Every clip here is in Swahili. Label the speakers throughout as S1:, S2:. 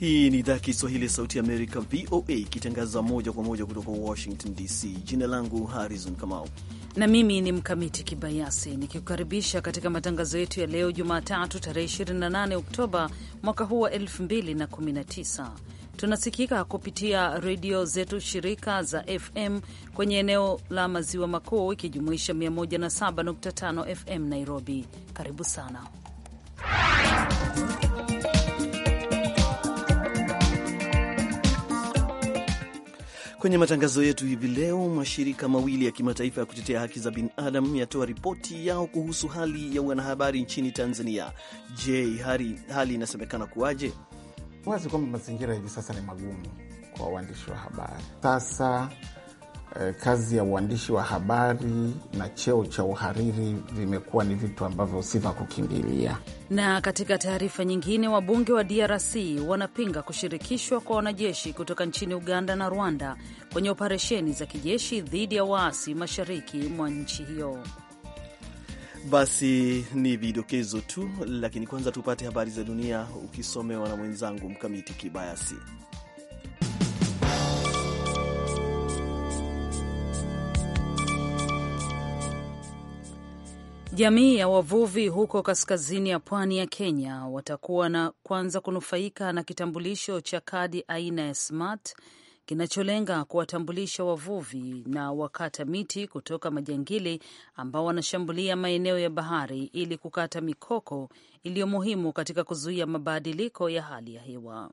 S1: Hii ni idhaa ya Kiswahili ya Sauti ya Amerika, VOA, ikitangaza moja kwa moja kutoka Washington DC. Jina langu Harrison Kamau
S2: na mimi ni Mkamiti Kibayasi nikikukaribisha katika matangazo yetu ya leo Jumatatu, tarehe 28 Oktoba mwaka huu wa 2019. Tunasikika kupitia redio zetu shirika za FM kwenye eneo la maziwa makuu ikijumuisha 107.5 FM Nairobi. Karibu sana
S1: Kwenye matangazo yetu hivi leo, mashirika mawili ya kimataifa ya kutetea haki za binadamu yatoa ripoti yao kuhusu hali ya wanahabari nchini Tanzania. Je, hali, hali inasemekana kuwaje?
S3: Wazi kwamba mazingira hivi sasa ni magumu kwa waandishi wa habari. Sasa Eh, kazi ya uandishi wa habari na cheo cha uhariri vimekuwa ni vitu ambavyo si vya kukimbilia.
S2: Na katika taarifa nyingine, wabunge wa DRC wanapinga kushirikishwa kwa wanajeshi kutoka nchini Uganda na Rwanda kwenye operesheni za kijeshi dhidi ya waasi mashariki mwa nchi hiyo.
S1: Basi ni vidokezo tu, lakini kwanza tupate habari za dunia ukisomewa na mwenzangu Mkamiti Kibayasi.
S2: Jamii ya wavuvi huko kaskazini ya pwani ya Kenya watakuwa na kwanza kunufaika na kitambulisho cha kadi aina ya smart kinacholenga kuwatambulisha wavuvi na wakata miti kutoka majangili ambao wanashambulia maeneo ya bahari ili kukata mikoko iliyo muhimu katika kuzuia mabadiliko ya hali ya hewa.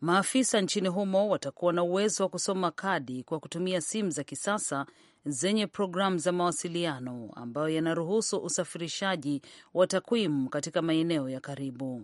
S2: Maafisa nchini humo watakuwa na uwezo wa kusoma kadi kwa kutumia simu za kisasa zenye programu za mawasiliano ambayo yanaruhusu usafirishaji wa takwimu katika maeneo ya karibu.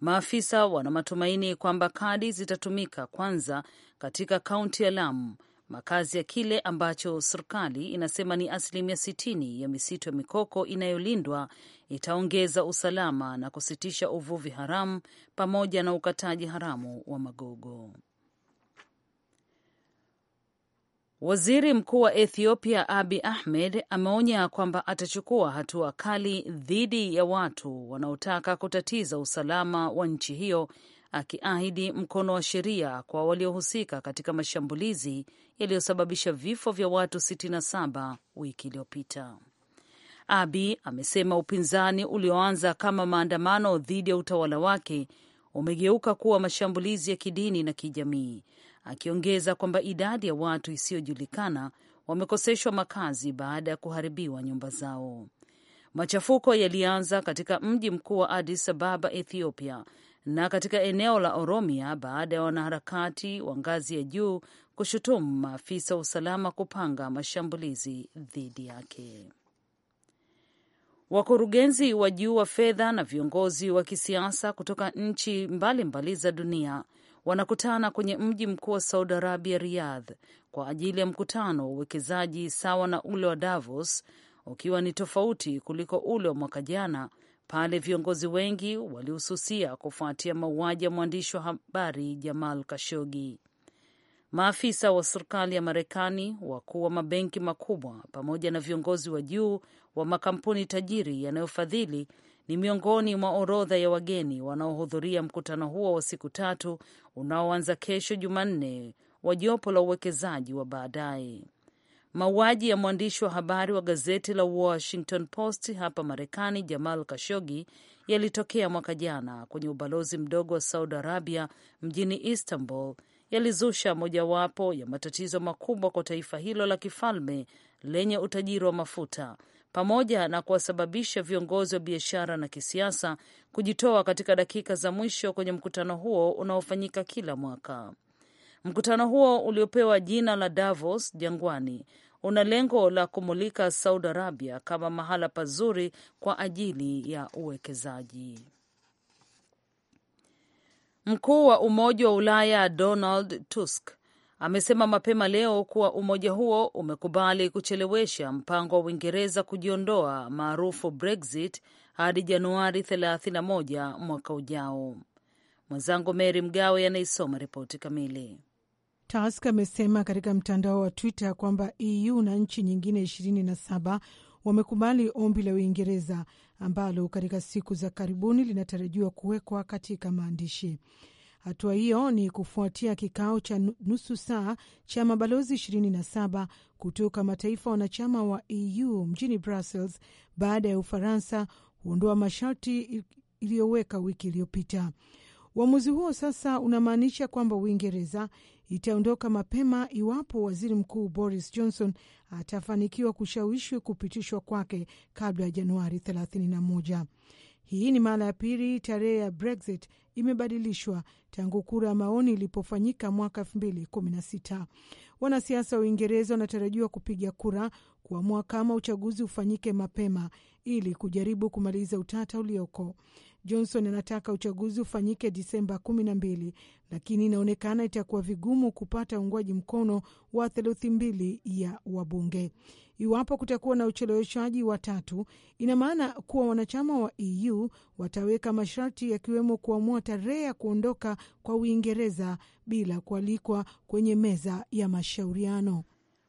S2: Maafisa wana matumaini kwamba kadi zitatumika kwanza katika kaunti ya Lamu, makazi ya kile ambacho serikali inasema ni asilimia 60 ya misitu ya mikoko inayolindwa itaongeza usalama na kusitisha uvuvi haramu pamoja na ukataji haramu wa magogo. Waziri Mkuu wa Ethiopia Abi Ahmed ameonya kwamba atachukua hatua kali dhidi ya watu wanaotaka kutatiza usalama wa nchi hiyo, akiahidi mkono wa sheria kwa waliohusika katika mashambulizi yaliyosababisha vifo vya watu 67 wiki iliyopita. Abi amesema upinzani ulioanza kama maandamano dhidi ya utawala wake umegeuka kuwa mashambulizi ya kidini na kijamii akiongeza kwamba idadi ya watu isiyojulikana wamekoseshwa makazi baada ya kuharibiwa nyumba zao. Machafuko yalianza katika mji mkuu wa Addis Ababa, Ethiopia, na katika eneo la Oromia baada ya wanaharakati wa ngazi ya juu kushutumu maafisa wa usalama kupanga mashambulizi dhidi yake. Wakurugenzi wa juu wa fedha na viongozi wa kisiasa kutoka nchi mbalimbali mbali za dunia wanakutana kwenye mji mkuu wa Saudi Arabia, Riyadh, kwa ajili ya mkutano wa uwekezaji sawa na ule wa Davos, ukiwa ni tofauti kuliko ule wa mwaka jana pale viongozi wengi walihususia kufuatia mauaji ya mwandishi wa habari Jamal Kashogi. Maafisa wa serikali ya Marekani, wakuu wa mabenki makubwa, pamoja na viongozi wa juu wa makampuni tajiri yanayofadhili ni miongoni mwa orodha ya wageni wanaohudhuria mkutano huo wa siku tatu unaoanza kesho Jumanne wa jopo la uwekezaji wa baadaye. Mauaji ya mwandishi wa habari wa gazeti la Washington Post hapa Marekani, Jamal Kashogi, yalitokea mwaka jana kwenye ubalozi mdogo wa Saudi Arabia mjini Istanbul, yalizusha mojawapo ya matatizo makubwa kwa taifa hilo la kifalme lenye utajiri wa mafuta pamoja na kuwasababisha viongozi wa biashara na kisiasa kujitoa katika dakika za mwisho kwenye mkutano huo unaofanyika kila mwaka. Mkutano huo uliopewa jina la Davos jangwani una lengo la kumulika Saudi Arabia kama mahala pazuri kwa ajili ya uwekezaji. Mkuu wa Umoja wa Ulaya Donald Tusk amesema mapema leo kuwa umoja huo umekubali kuchelewesha mpango wa Uingereza kujiondoa maarufu Brexit hadi Januari 31 mwaka ujao. Mwenzangu Mary Mgawe anaisoma ripoti kamili.
S4: Tusk amesema katika mtandao wa Twitter kwamba EU na nchi nyingine 27 wamekubali ombi la Uingereza ambalo katika siku za karibuni linatarajiwa kuwekwa katika maandishi. Hatua hiyo ni kufuatia kikao cha nusu saa cha mabalozi 27 kutoka mataifa wanachama wa EU mjini Brussels baada ya Ufaransa kuondoa masharti iliyoweka wiki iliyopita. Uamuzi huo sasa unamaanisha kwamba Uingereza itaondoka mapema iwapo waziri mkuu Boris Johnson atafanikiwa kushawishi kupitishwa kwake kabla ya Januari 31. Hii ni mara ya pili tarehe ya Brexit imebadilishwa tangu kura ya maoni ilipofanyika mwaka elfu mbili kumi na sita. Wanasiasa wa Uingereza wanatarajiwa kupiga kura kuamua kama uchaguzi ufanyike mapema ili kujaribu kumaliza utata ulioko. Johnson anataka uchaguzi ufanyike Disemba kumi na mbili, lakini inaonekana itakuwa vigumu kupata uungwaji mkono wa theluthi mbili ya wabunge. Iwapo kutakuwa na ucheleweshaji wa tatu, ina maana kuwa wanachama wa EU wataweka masharti yakiwemo kuamua tarehe ya kuondoka kwa Uingereza bila kualikwa kwenye meza ya mashauriano.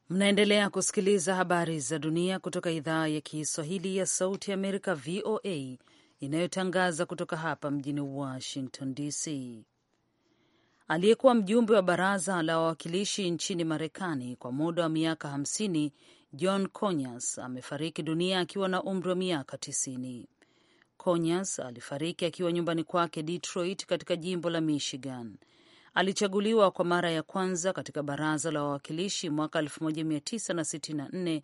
S2: Mnaendelea kusikiliza habari za dunia kutoka idhaa ya Kiswahili ya Sauti ya Amerika, VOA, inayotangaza kutoka hapa mjini Washington DC. Aliyekuwa mjumbe wa baraza la wawakilishi nchini Marekani kwa muda wa miaka hamsini John Conyers amefariki dunia akiwa na umri wa miaka tisini. Conyers alifariki akiwa nyumbani kwake Detroit katika jimbo la Michigan. Alichaguliwa kwa mara ya kwanza katika baraza la wawakilishi mwaka 1964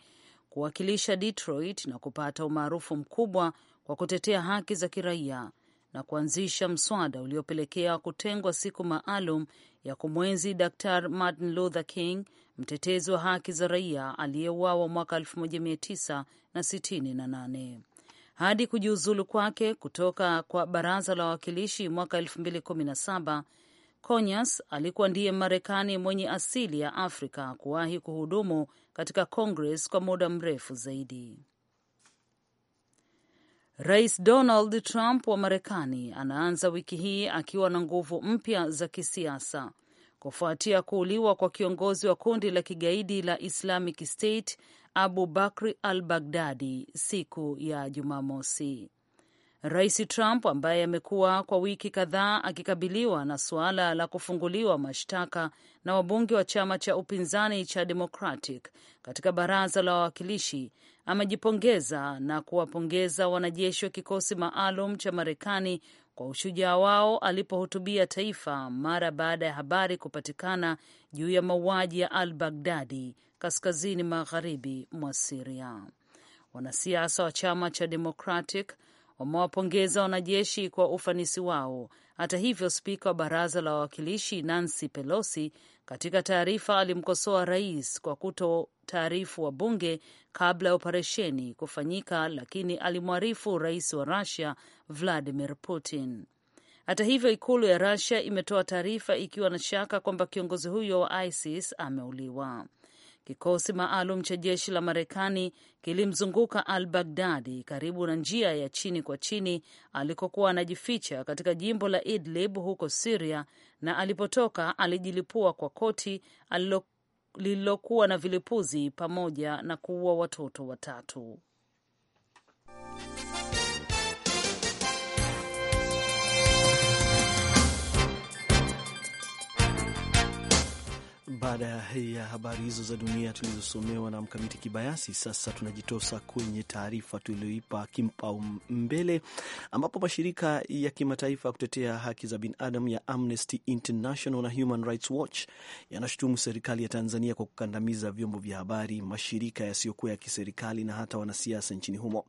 S2: kuwakilisha Detroit na kupata umaarufu mkubwa kwa kutetea haki za kiraia na kuanzisha mswada uliopelekea kutengwa siku maalum ya kumwenzi Dr. Martin Luther King, mtetezi wa haki za raia aliyeuawa mwaka 1968 hadi kujiuzulu kwake kutoka kwa baraza la wawakilishi mwaka 2017. Conyers alikuwa ndiye Marekani mwenye asili ya Afrika kuwahi kuhudumu katika Congress kwa muda mrefu zaidi. Rais Donald Trump wa Marekani anaanza wiki hii akiwa na nguvu mpya za kisiasa kufuatia kuuliwa kwa kiongozi wa kundi la kigaidi la Islamic State Abu Bakri al Baghdadi siku ya Jumamosi. Rais Trump ambaye amekuwa kwa wiki kadhaa akikabiliwa na suala la kufunguliwa mashtaka na wabunge wa chama cha upinzani cha Democratic katika baraza la wawakilishi amejipongeza na kuwapongeza wanajeshi wa kikosi maalum cha Marekani kwa ushujaa wao alipohutubia taifa mara baada ya habari kupatikana juu ya mauaji ya al Baghdadi kaskazini magharibi mwa Siria. Wanasiasa wa chama cha Democratic wamewapongeza wanajeshi kwa ufanisi wao. Hata hivyo, spika wa baraza la wawakilishi Nancy Pelosi katika taarifa alimkosoa rais kwa kuto taarifu wa bunge kabla ya operesheni kufanyika, lakini alimwarifu rais wa Rusia Vladimir Putin. Hata hivyo, ikulu ya Rusia imetoa taarifa ikiwa na shaka kwamba kiongozi huyo wa ISIS ameuliwa. Kikosi maalum cha jeshi la Marekani kilimzunguka al Baghdadi karibu na njia ya chini kwa chini alikokuwa anajificha katika jimbo la Idlib huko Siria, na alipotoka alijilipua kwa koti alilokuwa na vilipuzi pamoja na kuua watoto watatu.
S1: Baada ya habari hizo za dunia tulizosomewa na Mkamiti Kibayasi, sasa tunajitosa kwenye taarifa tulioipa kipaumbele, ambapo mashirika ya kimataifa ya kutetea haki za binadamu ya Amnesty International na Human Rights Watch yanashutumu serikali ya Tanzania kwa kukandamiza vyombo vya habari, mashirika yasiyokuwa ya kiserikali na hata wanasiasa nchini humo.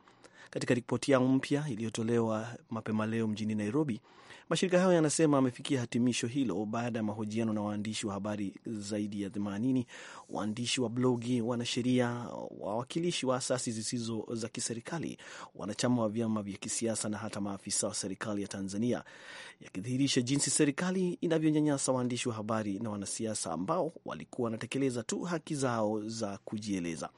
S1: Katika ripoti yao mpya iliyotolewa mapema leo mjini Nairobi, Mashirika hayo yanasema amefikia hatimisho hilo baada ya mahojiano na waandishi wa habari zaidi ya themanini, waandishi wa blogi, wanasheria, wawakilishi wa asasi zisizo za kiserikali, wanachama wa vyama vya kisiasa na hata maafisa wa serikali ya Tanzania, yakidhihirisha jinsi serikali inavyonyanyasa waandishi wa habari na wanasiasa ambao walikuwa wanatekeleza tu haki zao za kujieleza.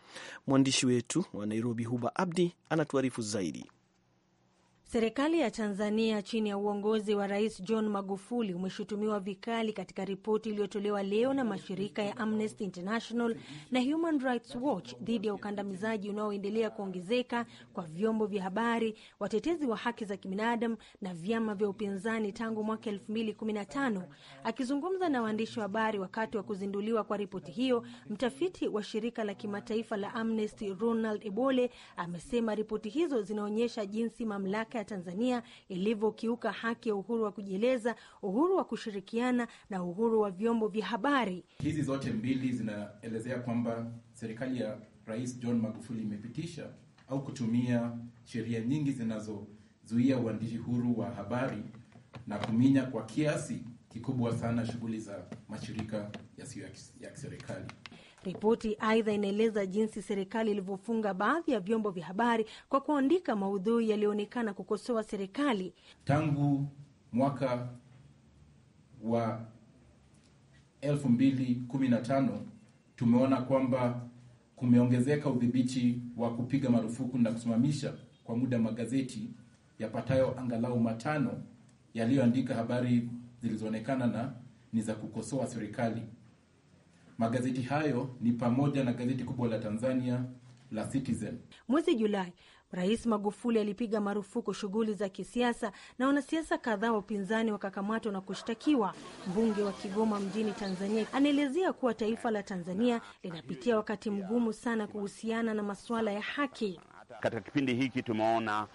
S1: Mwandishi wetu wa Nairobi, Huba Abdi, anatuarifu zaidi.
S5: Serikali ya Tanzania chini ya uongozi wa Rais John Magufuli umeshutumiwa vikali katika ripoti iliyotolewa leo na mashirika ya Amnesty International na Human Rights Watch dhidi ya ukandamizaji unaoendelea kuongezeka kwa vyombo vya habari, watetezi wa haki za kibinadamu na vyama vya upinzani tangu mwaka 2015. Akizungumza na waandishi wa habari wakati wa kuzinduliwa kwa ripoti hiyo, mtafiti wa shirika la kimataifa la Amnesty Ronald Ebole amesema ripoti hizo zinaonyesha jinsi mamlaka ya Tanzania ilivyokiuka haki ya uhuru wa kujieleza, uhuru wa kushirikiana na uhuru wa vyombo vya habari.
S6: Hizi zote
S7: mbili zinaelezea kwamba serikali ya Rais John Magufuli imepitisha au kutumia sheria nyingi zinazozuia uandishi huru wa habari na kuminya kwa kiasi kikubwa sana shughuli za mashirika yasiyo ya
S5: kiserikali. Ripoti aidha inaeleza jinsi serikali ilivyofunga baadhi ya vyombo vya habari kwa kuandika maudhui yaliyoonekana kukosoa serikali
S8: tangu
S7: mwaka wa 2015 tumeona kwamba kumeongezeka udhibiti wa kupiga marufuku na kusimamisha kwa muda magazeti yapatayo angalau matano yaliyoandika habari zilizoonekana na ni za kukosoa serikali. Magazeti hayo ni pamoja na gazeti kubwa la Tanzania la Citizen.
S5: Mwezi Julai, Rais Magufuli alipiga marufuku shughuli za kisiasa na wanasiasa kadhaa wa upinzani wakakamatwa na kushtakiwa. Mbunge wa Kigoma mjini Tanzania anaelezea kuwa taifa la Tanzania linapitia wakati mgumu sana kuhusiana na masuala ya haki.
S9: Katika kipindi hiki tumeona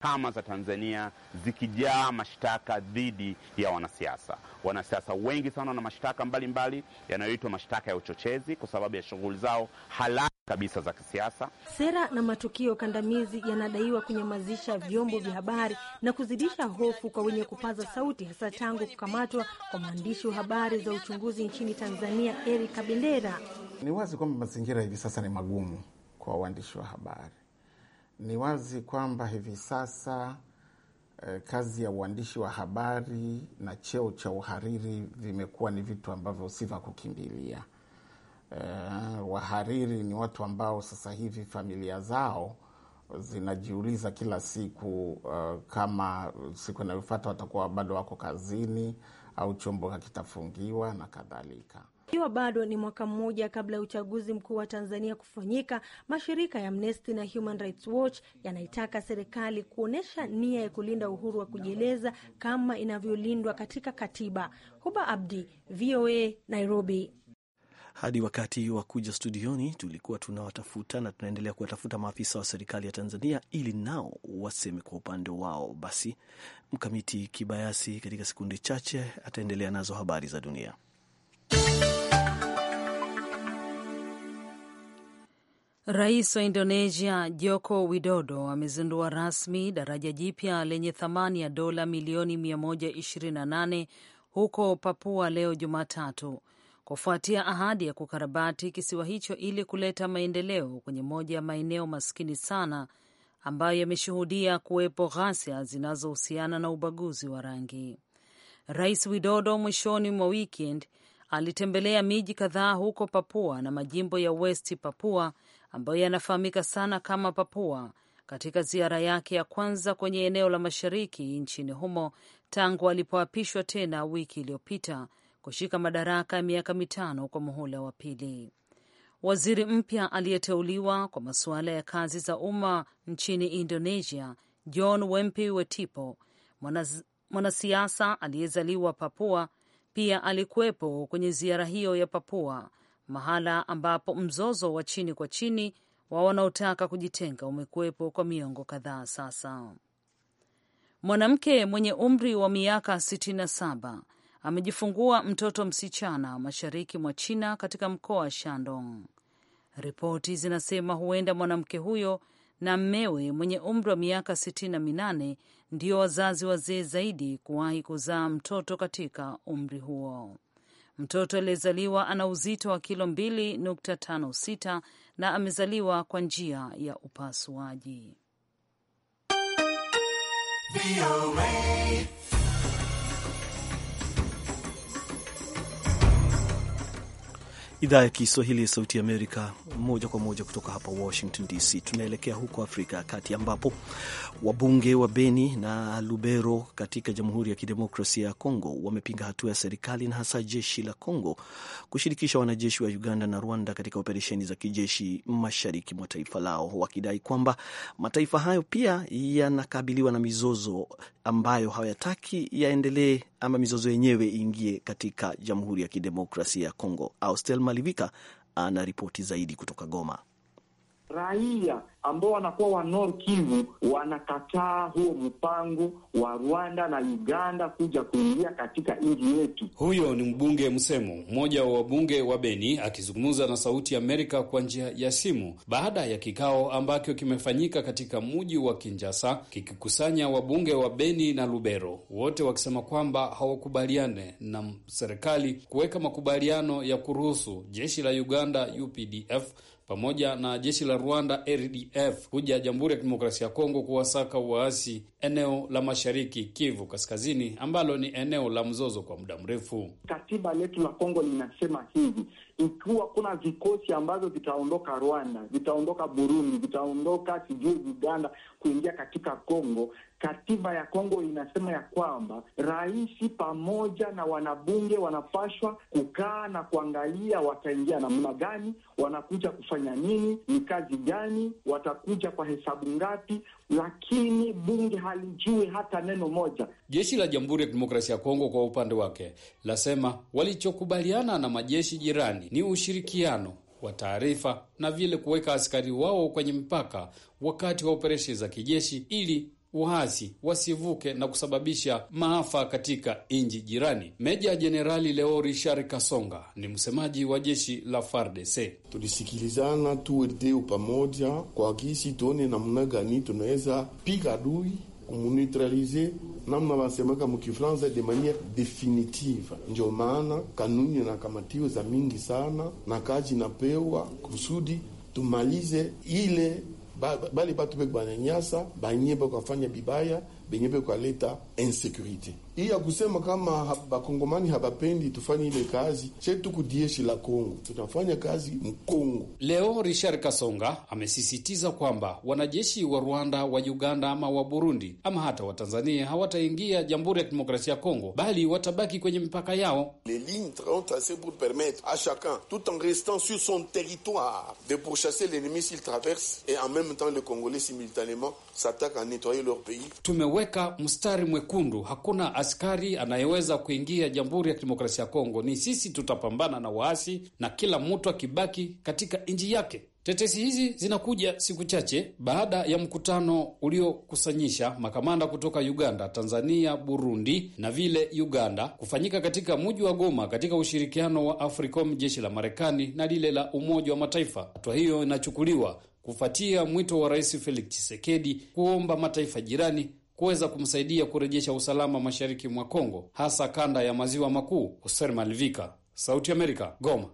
S9: kama za Tanzania zikijaa mashtaka dhidi ya wanasiasa. Wanasiasa wengi sana wana mashtaka mbalimbali yanayoitwa mashtaka ya uchochezi kwa sababu ya shughuli zao halali kabisa za kisiasa.
S5: Sera na matukio kandamizi yanadaiwa kunyamazisha vyombo vya habari na kuzidisha hofu kwa wenye kupaza sauti, hasa tangu kukamatwa kwa mwandishi wa habari za uchunguzi nchini Tanzania Eric Kabendera.
S3: Ni wazi kwamba mazingira hivi sasa ni magumu kwa waandishi wa habari ni wazi kwamba hivi sasa eh, kazi ya uandishi wa habari na cheo cha uhariri vimekuwa ni vitu ambavyo si vya kukimbilia. Eh, wahariri ni watu ambao sasa hivi familia zao zinajiuliza kila siku uh, kama siku inayofuata watakuwa bado wako kazini au chombo hakitafungiwa na kadhalika.
S5: Ikiwa bado ni mwaka mmoja kabla ya uchaguzi mkuu wa Tanzania kufanyika, mashirika ya Amnesty na Human Rights Watch yanaitaka serikali kuonyesha nia ya kulinda uhuru wa kujieleza kama inavyolindwa katika katiba. Huba Abdi, VOA, Nairobi.
S1: Hadi wakati wa kuja studioni tulikuwa tunawatafuta na tunaendelea kuwatafuta maafisa wa serikali ya Tanzania ili nao waseme kwa upande wao. Basi Mkamiti Kibayasi katika sekunde chache ataendelea nazo habari za dunia.
S2: Rais wa Indonesia Joko Widodo amezindua rasmi daraja jipya lenye thamani ya dola milioni 128 huko Papua leo Jumatatu, kufuatia ahadi ya kukarabati kisiwa hicho ili kuleta maendeleo kwenye moja ya maeneo maskini sana ambayo yameshuhudia kuwepo ghasia zinazohusiana na ubaguzi wa rangi. Rais Widodo mwishoni mwa weekend alitembelea miji kadhaa huko Papua na majimbo ya West Papua ambayo yanafahamika sana kama Papua katika ziara yake ya kwanza kwenye eneo la mashariki nchini humo tangu alipoapishwa tena wiki iliyopita kushika madaraka ya miaka mitano kwa muhula wa pili. Waziri mpya aliyeteuliwa kwa masuala ya kazi za umma nchini Indonesia, John Wempi Wetipo, mwanasiasa aliyezaliwa Papua, pia alikuwepo kwenye ziara hiyo ya Papua mahala ambapo mzozo wa chini kwa chini wa wanaotaka kujitenga umekuwepo kwa miongo kadhaa sasa. Mwanamke mwenye umri wa miaka 67 amejifungua mtoto msichana mashariki mwa China katika mkoa wa Shandong. Ripoti zinasema huenda mwanamke huyo na mmewe mwenye umri wa miaka 68 ndio wazazi wazee zaidi kuwahi kuzaa mtoto katika umri huo. Mtoto aliyezaliwa ana uzito wa kilo 2.56 na amezaliwa kwa njia ya upasuaji.
S1: Idhaa ya Kiswahili ya Sauti ya Amerika, moja kwa moja kutoka hapa Washington DC. Tunaelekea huko Afrika ya Kati, ambapo wabunge wa Beni na Lubero katika Jamhuri ya Kidemokrasia ya Kongo wamepinga hatua ya serikali na hasa jeshi la Kongo kushirikisha wanajeshi wa Uganda na Rwanda katika operesheni za kijeshi mashariki mwa taifa lao, wakidai kwamba mataifa hayo pia yanakabiliwa na mizozo ambayo hayataki yaendelee ama mizozo yenyewe iingie katika Jamhuri ya Kidemokrasia ya Kongo. Austel Malivika ana ripoti zaidi kutoka Goma
S3: raia ambao wanakuwa wa Nord Kivu wanakataa huo mpango wa Rwanda na Uganda
S9: kuja kuingia katika nchi yetu. Huyo ni mbunge Msemu, mmoja wa wabunge wa Beni, akizungumza na Sauti Amerika kwa njia ya simu baada ya kikao ambacho kimefanyika katika mji wa kinjasa kikikusanya wabunge wa Beni na Lubero, wote wakisema kwamba hawakubaliane na serikali kuweka makubaliano ya kuruhusu jeshi la Uganda UPDF pamoja na jeshi la Rwanda RDF kuja Jamhuri ya Kidemokrasia ya Kongo kuwasaka waasi eneo la mashariki Kivu Kaskazini, ambalo ni eneo la mzozo kwa muda mrefu.
S3: Katiba letu la Kongo linasema hivi ikiwa kuna vikosi ambavyo vitaondoka Rwanda, vitaondoka Burundi, vitaondoka sijui Uganda kuingia katika Kongo, katiba ya Kongo inasema ya kwamba rais pamoja na wanabunge wanapashwa kukaa na kuangalia wataingia namna gani, wanakuja kufanya nini, ni kazi gani, watakuja kwa hesabu ngapi, lakini bunge halijui hata neno moja.
S9: Jeshi la Jamhuri ya Kidemokrasia ya Kongo kwa upande wake lasema walichokubaliana na majeshi jirani ni ushirikiano wa taarifa na vile kuweka askari wao kwenye mpaka wakati wa operesheni za kijeshi ili waasi wasivuke na kusababisha maafa katika nchi jirani. Meja Jenerali Leo Richard Kasonga ni msemaji wa jeshi
S3: la FARDC. Tulisikilizana tuweteo pamoja kwa kisi tuone namna gani tunaweza piga adui kumuneutralize namna vasemeka mukifransa de maniere definitive. Ndio maana kanuni inakamatiwa za mingi sana na kaji napewa kusudi tumalize ile bali batu beko bananyasa banye bekafanya bibaya benye bekaleta insekurite hii ya kusema kama bakongomani habapendi tufanye ile kazi chetu kudieshi la Kongo, tunafanya kazi Mkongo.
S9: Leo Richard Kasonga amesisitiza kwamba wanajeshi wa Rwanda, wa Uganda ama wa Burundi ama hata wa Tanzania hawataingia Jamhuri ya Kidemokrasia ya Kongo, bali watabaki kwenye mipaka yao.
S3: Les lignes tracées pour permettre à chacun tout en restant sur son territoire de pourchasser l'ennemi s'il traverse et en même temps les Congolais simultanément s'attaquent à nettoyer leur pays.
S9: Tumeweka mstari mwekundu, hakuna askari anayeweza kuingia Jamhuri ya Kidemokrasia ya Kongo. Ni sisi tutapambana na waasi na kila mtu akibaki katika nchi yake. Tetesi hizi zinakuja siku chache baada ya mkutano uliokusanyisha makamanda kutoka Uganda, Tanzania, Burundi na vile Uganda kufanyika katika mji wa Goma katika ushirikiano wa AFRICOM, jeshi la Marekani na lile la Umoja wa Mataifa. Hatua hiyo inachukuliwa kufuatia mwito wa Rais Felix Tshisekedi kuomba mataifa jirani kuweza kumsaidia kurejesha usalama mashariki mwa Kongo, hasa kanda ya maziwa makuu. Hoser Malivika, Sauti Amerika, Goma.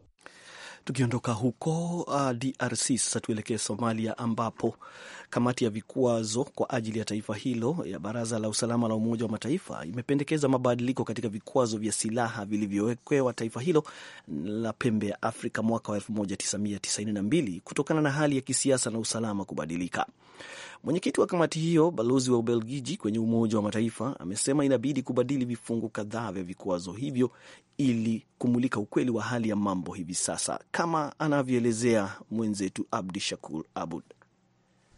S1: Tukiondoka huko uh, DRC sasa tuelekee Somalia ambapo Kamati ya vikwazo kwa ajili ya taifa hilo ya Baraza la Usalama la Umoja wa Mataifa imependekeza mabadiliko katika vikwazo vya silaha vilivyowekewa taifa hilo la pembe ya Afrika mwaka wa 1992 kutokana na hali ya kisiasa na usalama kubadilika. Mwenyekiti wa kamati hiyo, balozi wa Ubelgiji kwenye Umoja wa Mataifa, amesema inabidi kubadili vifungu kadhaa vya vikwazo hivyo ili kumulika ukweli wa hali ya mambo hivi sasa, kama anavyoelezea mwenzetu Abdi Shakur Abud.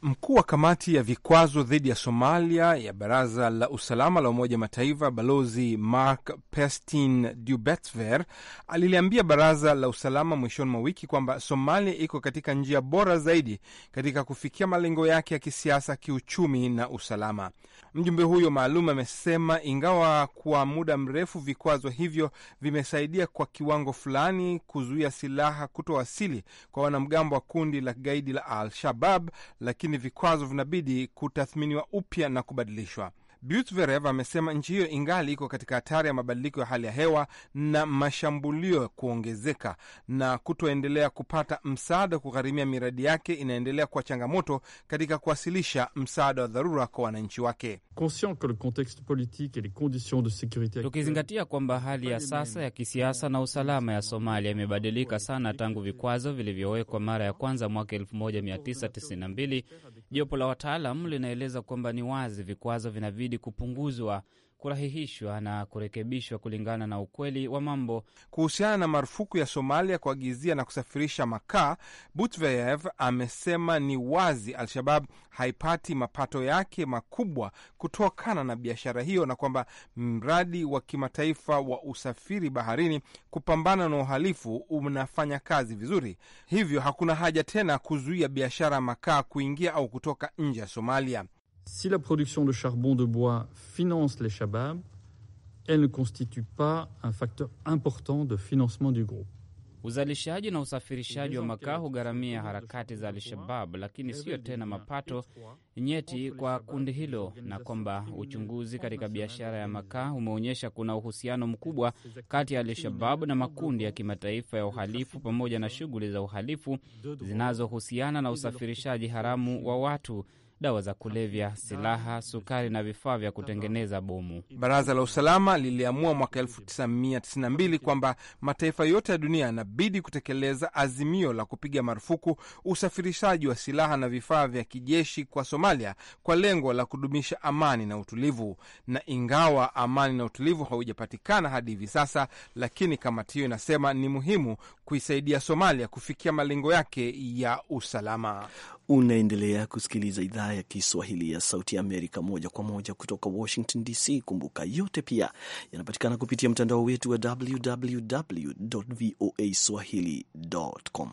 S7: Mkuu wa kamati ya vikwazo dhidi ya Somalia ya Baraza la Usalama la Umoja Mataifa, Balozi Mark Pestin Dubetver aliliambia Baraza la Usalama mwishoni mwa wiki kwamba Somalia iko katika njia bora zaidi katika kufikia malengo yake ya kisiasa, kiuchumi na usalama. Mjumbe huyo maalum amesema ingawa kwa muda mrefu vikwazo hivyo vimesaidia kwa kiwango fulani kuzuia silaha kutowasili kwa wanamgambo wa kundi la gaidi la Al-Shabab, lakini lakini vikwazo vinabidi kutathminiwa upya na kubadilishwa. Butverev amesema nchi hiyo ingali iko katika hatari ya mabadiliko ya hali ya hewa na mashambulio kuongezeka na kutoendelea kupata msaada wa kugharimia miradi yake inaendelea kuwa changamoto katika kuwasilisha msaada wa dharura kwa wananchi wake.
S8: Tukizingatia kwamba hali ya sasa ya kisiasa na usalama ya Somalia imebadilika sana tangu vikwazo vilivyowekwa mara ya kwanza mwaka 1992 Jopo la wataalam linaeleza kwamba ni wazi vikwazo vinabidi kupunguzwa kurahihishwa na kurekebishwa kulingana na ukweli wa mambo. Kuhusiana na marufuku ya Somalia kuagizia na
S7: kusafirisha makaa, Butveyev amesema ni wazi Al-Shabab haipati mapato yake makubwa kutokana na biashara hiyo na kwamba mradi wa kimataifa wa usafiri baharini kupambana na uhalifu unafanya kazi vizuri, hivyo hakuna haja tena kuzuia biashara makaa kuingia au kutoka nje ya Somalia.
S9: Si la production de charbon de bois finance les Shabab, elle ne constitue pas un facteur important de financement du groupe.
S8: Uzalishaji na usafirishaji wa makaa hugharamia harakati za Al-Shabab, lakini siyo tena mapato nyeti kwa kundi hilo, na kwamba uchunguzi katika biashara ya makaa umeonyesha kuna uhusiano mkubwa kati ya Al-Shabab na makundi ya kimataifa ya uhalifu pamoja na shughuli za uhalifu zinazohusiana na usafirishaji haramu wa watu dawa za kulevya, silaha, sukari na vifaa vya kutengeneza bomu. Baraza la Usalama
S7: liliamua mwaka 1992 kwamba mataifa yote ya dunia yanabidi kutekeleza azimio la kupiga marufuku usafirishaji wa silaha na vifaa vya kijeshi kwa Somalia kwa lengo la kudumisha amani na utulivu. Na ingawa amani na utulivu haujapatikana hadi hivi sasa, lakini kamati hiyo inasema ni muhimu kuisaidia Somalia kufikia malengo yake ya usalama.
S1: Unaendelea kusikiliza idhaa ya Kiswahili ya Sauti ya Amerika moja kwa moja kutoka Washington DC. Kumbuka yote pia yanapatikana kupitia mtandao wetu wa www voa swahili com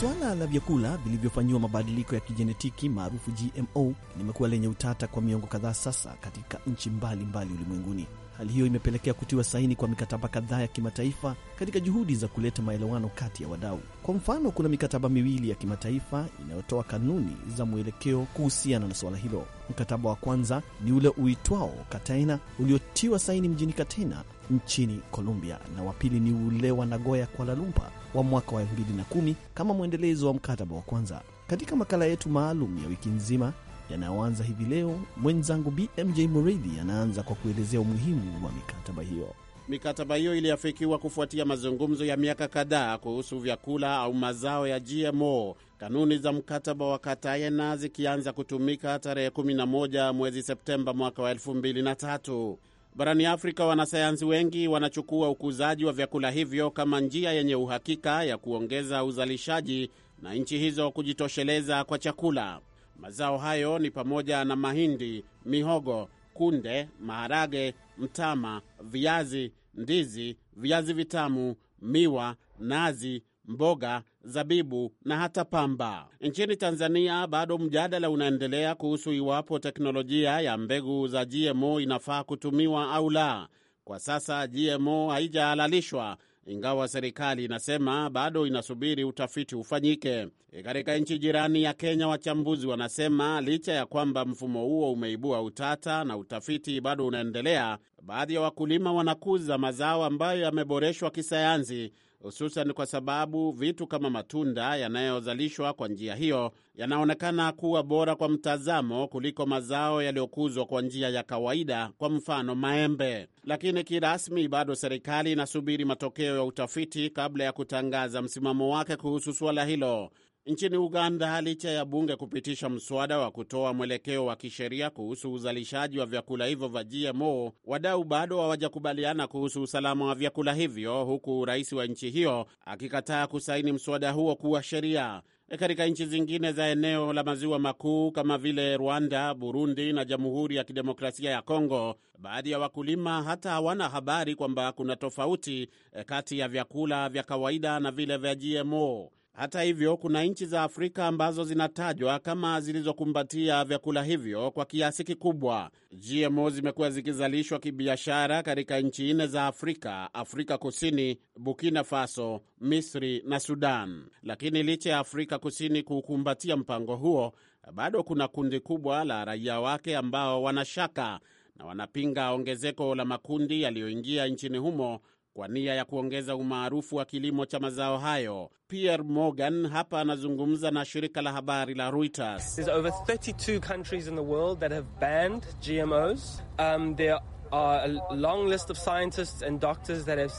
S1: Suala la vyakula vilivyofanyiwa mabadiliko ya kijenetiki maarufu GMO limekuwa lenye utata kwa miongo kadhaa sasa katika nchi mbalimbali ulimwenguni. Hali hiyo imepelekea kutiwa saini kwa mikataba kadhaa ya kimataifa katika juhudi za kuleta maelewano kati ya wadau. Kwa mfano, kuna mikataba miwili ya kimataifa inayotoa kanuni za mwelekeo kuhusiana na suala hilo. Mkataba wa kwanza ni ule uitwao Kataina uliotiwa saini mjini Katena nchini Colombia na wa pili ni ule wa Nagoya, Kuala Lumpur wa mwaka wa 2010 kama mwendelezo wa mkataba wa kwanza. Katika makala yetu maalum ya wiki nzima yanayoanza hivi leo, mwenzangu BMJ Muridhi anaanza kwa kuelezea umuhimu wa mikataba hiyo.
S6: Mikataba hiyo iliafikiwa kufuatia mazungumzo ya miaka kadhaa kuhusu vyakula au mazao ya GMO, kanuni za mkataba wa katayena zikianza kutumika tarehe 11 mwezi Septemba mwaka wa 2003. Barani Afrika, wanasayansi wengi wanachukua ukuzaji wa vyakula hivyo kama njia yenye uhakika ya kuongeza uzalishaji na nchi hizo kujitosheleza kwa chakula. Mazao hayo ni pamoja na mahindi, mihogo, kunde, maharage, mtama, viazi, ndizi, viazi vitamu, miwa, nazi, mboga, zabibu na hata pamba. Nchini Tanzania bado mjadala unaendelea kuhusu iwapo teknolojia ya mbegu za GMO inafaa kutumiwa au la. Kwa sasa GMO haijahalalishwa ingawa serikali inasema bado inasubiri utafiti ufanyike. E, katika nchi jirani ya Kenya, wachambuzi wanasema licha ya kwamba mfumo huo umeibua utata na utafiti bado unaendelea, baadhi ya wakulima wanakuza mazao ambayo yameboreshwa kisayansi hususan kwa sababu vitu kama matunda yanayozalishwa kwa njia hiyo yanaonekana kuwa bora kwa mtazamo kuliko mazao yaliyokuzwa kwa njia ya kawaida, kwa mfano maembe. Lakini kirasmi, bado serikali inasubiri matokeo ya utafiti kabla ya kutangaza msimamo wake kuhusu suala hilo. Nchini Uganda, licha ya bunge kupitisha mswada wa kutoa mwelekeo wa kisheria kuhusu uzalishaji wa vyakula hivyo vya GMO, wadau bado hawajakubaliana kuhusu usalama wa vyakula hivyo, huku rais wa nchi hiyo akikataa kusaini mswada huo kuwa sheria. E, katika nchi zingine za eneo la maziwa makuu kama vile Rwanda, Burundi na Jamhuri ya Kidemokrasia ya Kongo, baadhi ya wakulima hata hawana habari kwamba kuna tofauti e, kati ya vyakula vya kawaida na vile vya GMO. Hata hivyo, kuna nchi za Afrika ambazo zinatajwa kama zilizokumbatia vyakula hivyo kwa kiasi kikubwa. GMO zimekuwa zikizalishwa kibiashara katika nchi nne za Afrika: Afrika Kusini, Burkina Faso, Misri na Sudan. Lakini licha ya Afrika Kusini kuukumbatia mpango huo, bado kuna kundi kubwa la raia wake ambao wanashaka na wanapinga ongezeko la makundi yaliyoingia nchini humo kwa nia ya kuongeza umaarufu wa kilimo cha mazao hayo. Pierre Morgan hapa anazungumza na shirika la habari la Reuters. There's
S8: over 32 countries in the world that have banned GMOs. Um, there are a long list of scientists and doctors that have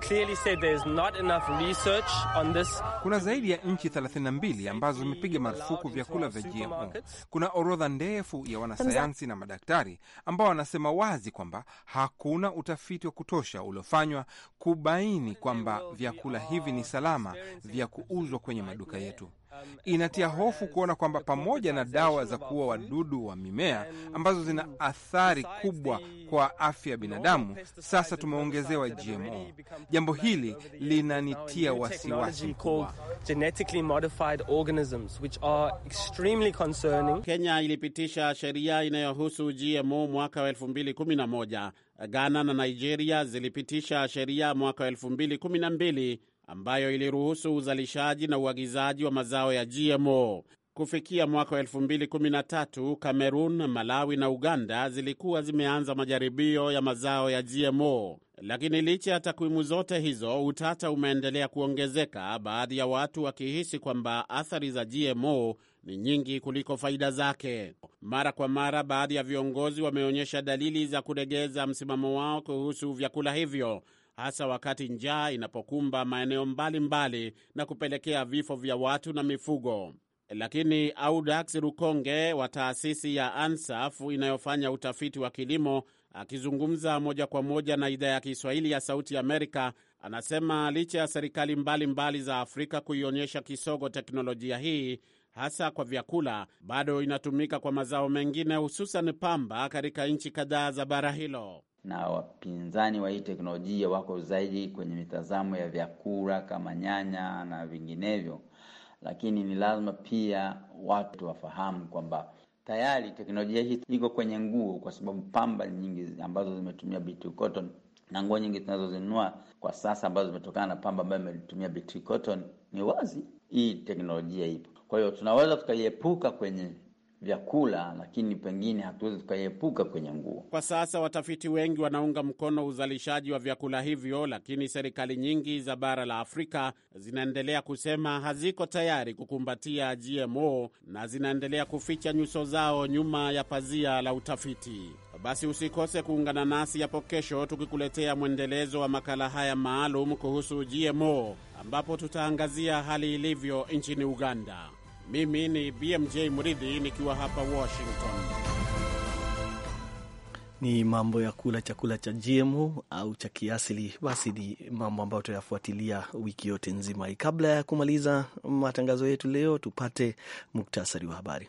S8: clearly said there is not enough research
S7: on this. Kuna zaidi ya nchi 32 ambazo zimepiga marufuku vyakula vya GMO. Kuna orodha ndefu ya wanasayansi na madaktari ambao wanasema wazi kwamba hakuna utafiti wa kutosha uliofanywa kubaini kwamba vyakula hivi ni salama vya kuuzwa kwenye maduka yetu. Inatia hofu kuona kwamba pamoja na dawa za kuua wadudu wa mimea ambazo zina athari kubwa kwa afya ya binadamu, sasa tumeongezewa GMO. Jambo hili linanitia
S1: wasiwasi mkubwa.
S6: Kenya ilipitisha sheria inayohusu GMO mwaka wa 2011. Ghana na Nigeria zilipitisha sheria mwaka wa 2012 ambayo iliruhusu uzalishaji na uagizaji wa mazao ya GMO. Kufikia mwaka wa 2013 Kamerun, Malawi na Uganda zilikuwa zimeanza majaribio ya mazao ya GMO, lakini licha ya takwimu zote hizo, utata umeendelea kuongezeka, baadhi ya watu wakihisi kwamba athari za GMO ni nyingi kuliko faida zake. Mara kwa mara, baadhi ya viongozi wameonyesha dalili za kulegeza msimamo wao kuhusu vyakula hivyo, hasa wakati njaa inapokumba maeneo mbalimbali mbali na kupelekea vifo vya watu na mifugo. Lakini Audax Rukonge wa taasisi ya ANSAF inayofanya utafiti wa kilimo, akizungumza moja kwa moja na idhaa ya Kiswahili ya Sauti Amerika, anasema licha ya serikali mbalimbali mbali za Afrika kuionyesha kisogo teknolojia hii hasa kwa vyakula, bado inatumika kwa mazao mengine, hususan pamba katika nchi kadhaa za bara hilo na wapinzani wa hii teknolojia wako zaidi kwenye mitazamo ya vyakula kama nyanya na vinginevyo, lakini ni lazima pia watu wafahamu kwamba tayari teknolojia hii iko kwenye nguo, kwa sababu pamba nyingi ambazo zimetumia BT cotton na nguo nyingi tunazozinunua kwa sasa ambazo zimetokana na pamba ambayo imetumia BT cotton, ni wazi hii teknolojia ipo. Kwa hiyo tunaweza tukaiepuka kwenye vyakula, lakini pengine hatuwezi tukaiepuka kwenye nguo. Kwa sasa watafiti wengi wanaunga mkono uzalishaji wa vyakula hivyo, lakini serikali nyingi za bara la Afrika zinaendelea kusema haziko tayari kukumbatia GMO na zinaendelea kuficha nyuso zao nyuma ya pazia la utafiti. Basi usikose kuungana nasi hapo kesho tukikuletea mwendelezo wa makala haya maalum kuhusu GMO ambapo tutaangazia hali ilivyo nchini Uganda. Mimi ni BMJ Mridhi nikiwa hapa Washington.
S1: Ni mambo ya kula chakula cha GMO au cha kiasili, basi ni mambo ambayo tunayafuatilia wiki yote nzima. Kabla ya kumaliza matangazo yetu leo, tupate muktasari wa habari.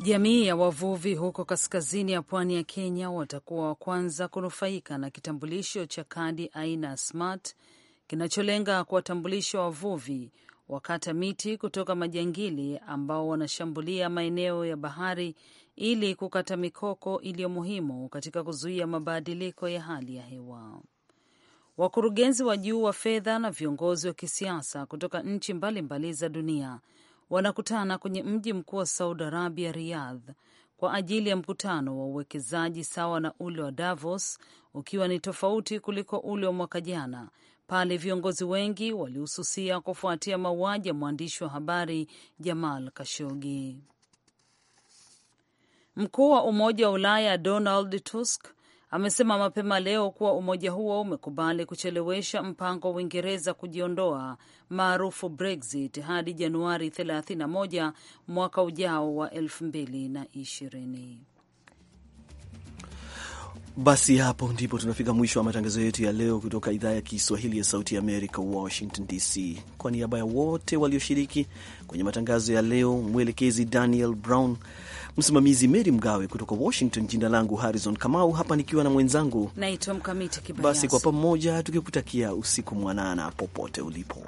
S2: Jamii ya wavuvi huko kaskazini ya pwani ya Kenya watakuwa wa kwanza kunufaika na kitambulisho cha kadi aina ya smart kinacholenga kuwatambulisha wavuvi wakata miti kutoka majangili ambao wanashambulia maeneo ya bahari ili kukata mikoko iliyo muhimu katika kuzuia mabadiliko ya hali ya hewa. Wakurugenzi wa juu wa fedha na viongozi wa kisiasa kutoka nchi mbalimbali za dunia wanakutana kwenye mji mkuu wa Saudi Arabia, Riyadh, kwa ajili ya mkutano wa uwekezaji sawa na ule wa Davos, ukiwa ni tofauti kuliko ule wa mwaka jana pale viongozi wengi walihususia kufuatia mauaji ya mwandishi wa habari Jamal Kashogi. Mkuu wa Umoja wa Ulaya Donald Tusk amesema mapema leo kuwa umoja huo umekubali kuchelewesha mpango wa Uingereza kujiondoa maarufu Brexit hadi Januari 31 mwaka ujao wa 2020.
S1: Basi hapo ndipo tunafika mwisho wa matangazo yetu ya leo kutoka idhaa ya Kiswahili ya Sauti ya Amerika, Washington DC. Kwa niaba ya wote walioshiriki kwenye matangazo ya leo, mwelekezi Daniel Brown, msimamizi Mary Mgawe kutoka Washington, jina langu Harrison Kamau, hapa nikiwa na mwenzangu
S2: naitwa Mkamiti Kibayasi. Basi kwa
S1: pamoja tukikutakia usiku mwanana popote ulipo.